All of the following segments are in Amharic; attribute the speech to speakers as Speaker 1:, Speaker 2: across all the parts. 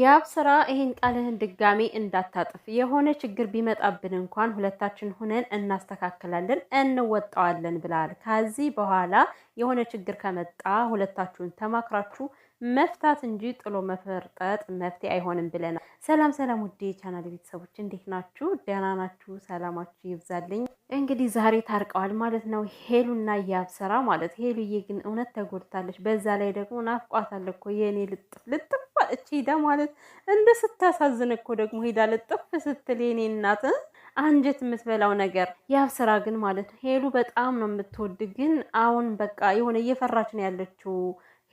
Speaker 1: ያብ ስራ ይሄን ቃልህን ድጋሜ እንዳታጥፍ፣ የሆነ ችግር ቢመጣብን እንኳን ሁለታችን ሁነን እናስተካክላለን፣ እንወጣዋለን ብላል። ከዚህ በኋላ የሆነ ችግር ከመጣ ሁለታችሁን ተማክራችሁ መፍታት እንጂ ጥሎ መፈርጠጥ መፍትሄ አይሆንም ብለናል። ሰላም ሰላም፣ ውዴ ቻናል ቤተሰቦች እንዴት ናችሁ? ደህና ናችሁ? ሰላማችሁ ይብዛልኝ። እንግዲህ ዛሬ ታርቀዋል ማለት ነው፣ ሄሉና ያብ ማለት ሄሉዬ ግን እውነት ተጎድታለች። በዛ ላይ ደግሞ ናፍቋታል እኮ የእኔ ልጥፍ ልጥፍ እቺ ሂዳ ማለት እንደ ስታሳዝን እኮ ደግሞ ሂዳ ልጥፍ ስትል የኔ እናት አንጀት የምትበላው ነገር ያብ ስራ ግን ማለት ነው ሄሉ በጣም ነው የምትወድ ግን አሁን በቃ የሆነ እየፈራች ነው ያለችው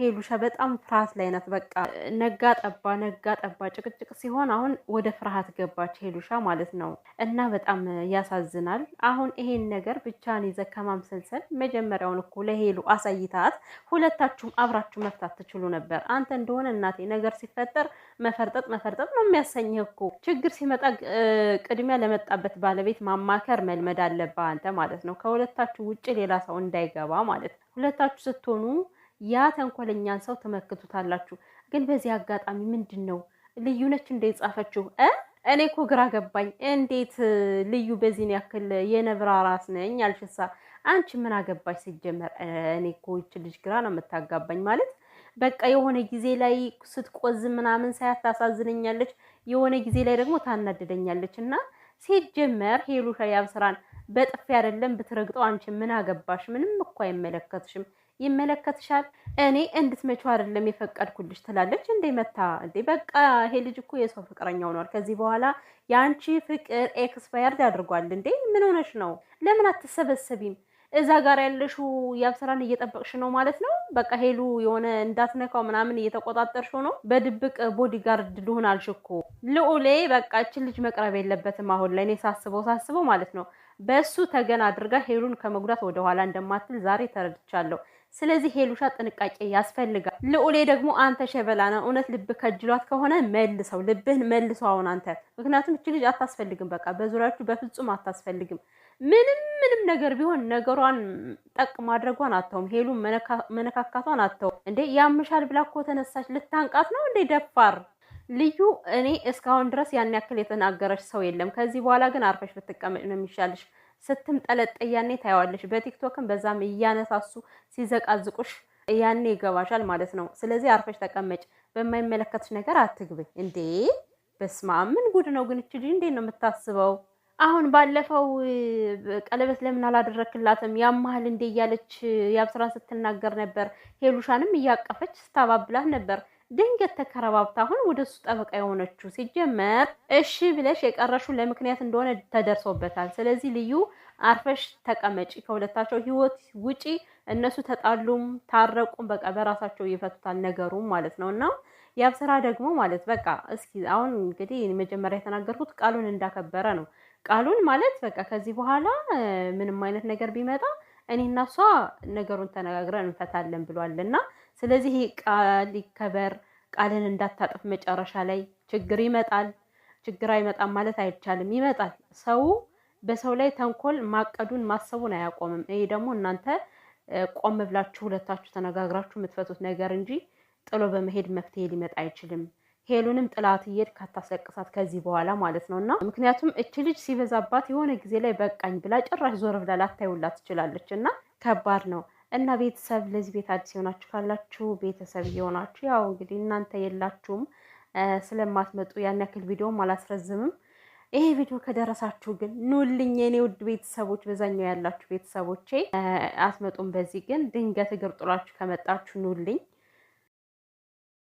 Speaker 1: ሄሉሻ በጣም ፍርሃት ላይ ናት። በቃ ነጋ ጠባ ነጋ ጠባ ጭቅጭቅ ሲሆን አሁን ወደ ፍርሃት ገባች ሄሉሻ ማለት ነው። እና በጣም ያሳዝናል። አሁን ይሄን ነገር ብቻን ይዘ ከማምሰልሰል መጀመሪያውን እኮ ለሄሉ አሳይታት፣ ሁለታችሁም አብራችሁ መፍታት ትችሉ ነበር። አንተ እንደሆነ እናቴ ነገር ሲፈጠር መፈርጠጥ መፈርጠጥ ነው የሚያሰኝህ እኮ። ችግር ሲመጣ ቅድሚያ ለመጣበት ባለቤት ማማከር መልመድ አለብህ አንተ ማለት ነው። ከሁለታችሁ ውጭ ሌላ ሰው እንዳይገባ ማለት ነው። ሁለታችሁ ስትሆኑ ያ ተንኮለኛን ሰው ትመክቱታላችሁ። ግን በዚህ አጋጣሚ ምንድን ነው ልዩነች እንደ ጻፈችው እኔ እኮ ግራ ገባኝ። እንዴት ልዩ በዚህን ያክል የነብራ ራስ ነኝ አልሽሳ? አንቺ ምን አገባሽ ሲጀመር? እኔ እኮ ይች ልጅ ግራ ነው የምታጋባኝ ማለት በቃ የሆነ ጊዜ ላይ ስትቆዝ ምናምን ሳያት ታሳዝነኛለች፣ የሆነ ጊዜ ላይ ደግሞ ታናደደኛለች እና ሲጀመር ሄሉ ሻያብ ስራን በጥፊ አይደለም ብትረግጠው አንቺ ምን አገባሽ? ምንም እኮ አይመለከትሽም። ይመለከትሻል። እኔ እንድትመጪው አይደለም የፈቀድኩልሽ ትላለች። እንዴ መታ እንዴ በቃ ይሄ ልጅ እኮ የሰው ፍቅረኛ ሆኗል። ከዚህ በኋላ የአንቺ ፍቅር ኤክስፓየርድ አድርጓል። እንዴ ምን ሆነሽ ነው? ለምን አትሰበሰቢም? እዛ ጋር ያለሽው የአብስራን እየጠበቅሽ ነው ማለት ነው። በቃ ሄሉ የሆነ እንዳትነካው ምናምን እየተቆጣጠርሽው ነው። በድብቅ ቦዲጋርድ ልሆን አልሽ እኮ ልዑሌ። በቃ እችን ልጅ መቅረብ የለበትም አሁን ላይ እኔ ሳስበው ሳስበው ማለት ነው። በእሱ ተገን አድርጋ ሄሉን ከመጉዳት ወደኋላ እንደማትል ዛሬ ተረድቻለሁ። ስለዚህ ሄሉሻ ጥንቃቄ ያስፈልጋል። ልዑሌ ደግሞ አንተ ሸበላ ነው እውነት ልብ ከጅሏት ከሆነ መልሰው ልብህን መልሰው አሁን አንተ ምክንያቱም እች ልጅ አታስፈልግም። በቃ በዙሪያችሁ በፍጹም አታስፈልግም። ምንም ምንም ነገር ቢሆን ነገሯን ጠቅ ማድረጓን አተውም። ሄሉ መነካካቷን አተውም። እንዴ ያምሻል ብላ እኮ ተነሳች። ልታንቃት ነው እንዴ ደፋር ልዩ። እኔ እስካሁን ድረስ ያን ያክል የተናገረች ሰው የለም። ከዚህ በኋላ ግን አርፈሽ ብትቀመጭ ነው የሚሻልሽ። ስትምጠለጠይ ያኔ ታየዋለሽ። በቲክቶክም በዛም እያነሳሱ ሲዘቃዝቁሽ ያኔ ይገባሻል ማለት ነው። ስለዚህ አርፈሽ ተቀመጭ፣ በማይመለከትሽ ነገር አትግቢ። እንዴ በስመ ምን ጉድ ነው ግን! እች ልጅ ነው የምታስበው? አሁን ባለፈው ቀለበት ለምን አላደረክላትም ያማህል እንዴ እያለች የአብስራን ስትናገር ነበር። ሄሉሻንም እያቀፈች ስታባብላት ነበር። ድንገት ተከረባብታ አሁን ወደ እሱ ጠበቃ የሆነችው ሲጀመር እሺ ብለሽ የቀረሹ ለምክንያት እንደሆነ ተደርሶበታል። ስለዚህ ልዩ አርፈሽ ተቀመጪ፣ ከሁለታቸው ህይወት ውጪ። እነሱ ተጣሉም ታረቁም በቃ በራሳቸው ይፈቱታል ነገሩም ማለት ነው። እና ያብ ደግሞ ማለት በቃ እስኪ አሁን እንግዲህ መጀመሪያ የተናገርኩት ቃሉን እንዳከበረ ነው። ቃሉን ማለት በቃ ከዚህ በኋላ ምንም አይነት ነገር ቢመጣ እኔ እና እሷ ነገሩን ተነጋግረን እንፈታለን ብሏል እና ስለዚህ ቃል ይከበር፣ ቃልን እንዳታጥፍ። መጨረሻ ላይ ችግር ይመጣል። ችግር አይመጣም ማለት አይቻልም፣ ይመጣል። ሰው በሰው ላይ ተንኮል ማቀዱን ማሰቡን አያቆምም። ይሄ ደግሞ እናንተ ቆም ብላችሁ ሁለታችሁ ተነጋግራችሁ የምትፈቱት ነገር እንጂ ጥሎ በመሄድ መፍትሄ ሊመጣ አይችልም። ሄሉንም ጥላት እየሄድክ አታስለቅሳት ከዚህ በኋላ ማለት ነው እና ምክንያቱም እች ልጅ ሲበዛባት የሆነ ጊዜ ላይ በቃኝ ብላ ጭራሽ ዞር ብላ ላታይውላ ትችላለች እና ከባድ ነው እና ቤተሰብ ለዚህ ቤት አዲስ የሆናችሁ ካላችሁ ቤተሰብ እየሆናችሁ ያው እንግዲህ እናንተ የላችሁም ስለማትመጡ ያን ያክል ቪዲዮም አላስረዝምም። ይሄ ቪዲዮ ከደረሳችሁ ግን ኑልኝ የኔ ውድ ቤተሰቦች፣ በዛኛው ያላችሁ ቤተሰቦቼ አትመጡም። በዚህ ግን ድንገት እግር ጥላችሁ ከመጣችሁ ኑልኝ።